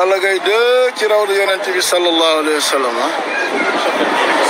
Balla Gaye 2 ci raw du yonent bi sallallahu alayhi wa sallam